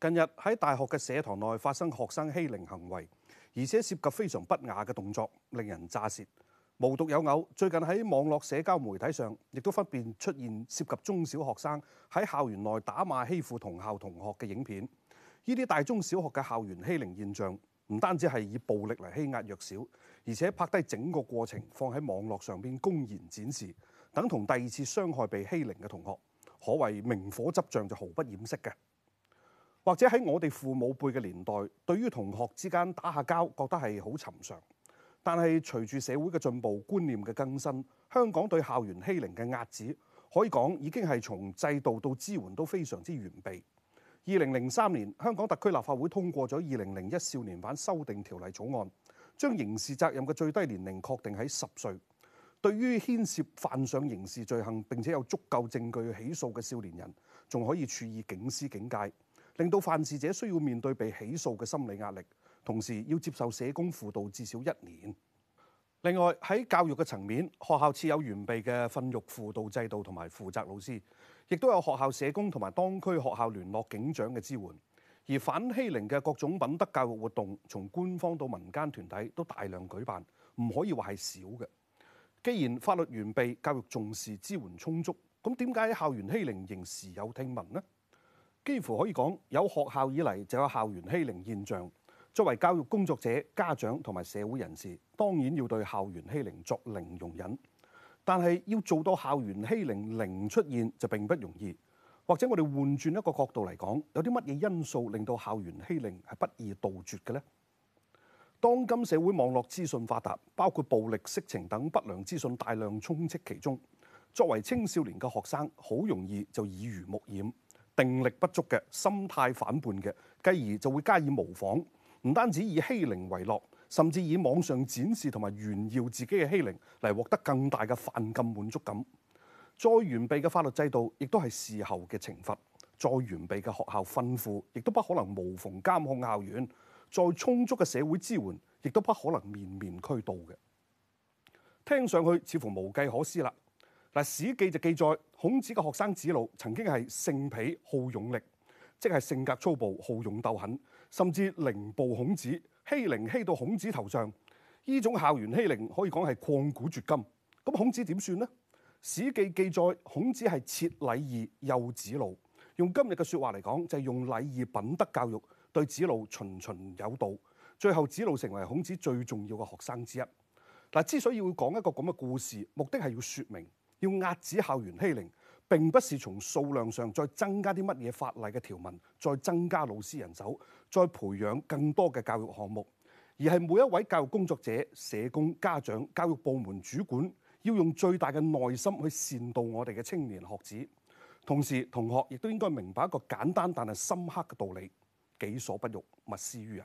近日喺大學嘅舍堂內發生學生欺凌行為，而且涉及非常不雅嘅動作，令人咋舌。無獨有偶，最近喺網絡社交媒體上，亦都分別出現涉及中小學生喺校園內打罵欺負同校同學嘅影片。呢啲大中小學嘅校園欺凌現象，唔單止係以暴力嚟欺壓弱小，而且拍低整個過程放喺網絡上面公然展示，等同第二次傷害被欺凌嘅同學，可謂明火執仗就毫不掩飾嘅。或者喺我哋父母輩嘅年代，對於同學之間打下交，覺得係好尋常。但係隨住社會嘅進步、觀念嘅更新，香港對校園欺凌嘅遏止，可以講已經係從制度到支援都非常之完備。二零零三年，香港特區立法會通過咗《二零零一少年犯修訂條例草案》，將刑事責任嘅最低年齡確定喺十歲。對於牽涉犯上刑事罪行並且有足夠證據起訴嘅少年人，仲可以處以警司警戒。令到犯事者需要面對被起訴嘅心理壓力，同時要接受社工輔導至少一年。另外，喺教育嘅層面，學校設有完備嘅訓育輔導制度同埋負責老師，亦都有學校社工同埋當區學校聯絡警長嘅支援。而反欺凌嘅各種品德教育活動，從官方到民間團體都大量舉辦，唔可以話係少嘅。既然法律完備，教育重視，支援充足，咁點解喺校園欺凌仍時有聽聞呢？幾乎可以講，有學校以嚟就有校園欺凌現象。作為教育工作者、家長同埋社會人士，當然要對校園欺凌作零容忍。但係要做到校園欺凌零出現就並不容易。或者我哋換轉一個角度嚟講，有啲乜嘢因素令到校園欺凌係不易杜絕嘅呢？當今社會網絡資訊發達，包括暴力、色情等不良資訊大量充斥其中，作為青少年嘅學生，好容易就耳濡目染。定力不足嘅、心態反叛嘅，繼而就會加以模仿。唔單止以欺凌為樂，甚至以網上展示同埋炫耀自己嘅欺凌嚟獲得更大嘅犯禁滿足感。再完備嘅法律制度，亦都係事後嘅懲罰；再完備嘅學校訓輔，亦都不可能無縫監控校園；再充足嘅社會支援，亦都不可能面面俱到嘅。聽上去似乎無計可施啦。嗱，史記就記載孔子嘅學生子路曾經係性鄙好勇力，即係性格粗暴、好勇鬥狠，甚至凌暴孔子，欺凌欺到孔子頭上。呢種校園欺凌可以講係曠古絕今。咁孔子點算呢？史記記載孔子係設禮義誘子路，用今日嘅說話嚟講，就係、是、用禮義品德教育對子路循循有道。最後子路成為孔子最重要嘅學生之一。嗱，之所以要講一個咁嘅故事，目的係要說明。要遏止校園欺凌，並不是從數量上再增加啲乜嘢法例嘅條文，再增加老師人手，再培養更多嘅教育項目，而係每一位教育工作者、社工、家長、教育部門主管，要用最大嘅耐心去善導我哋嘅青年學子。同時，同學亦都應該明白一個簡單但係深刻嘅道理：己所不欲，勿施於人。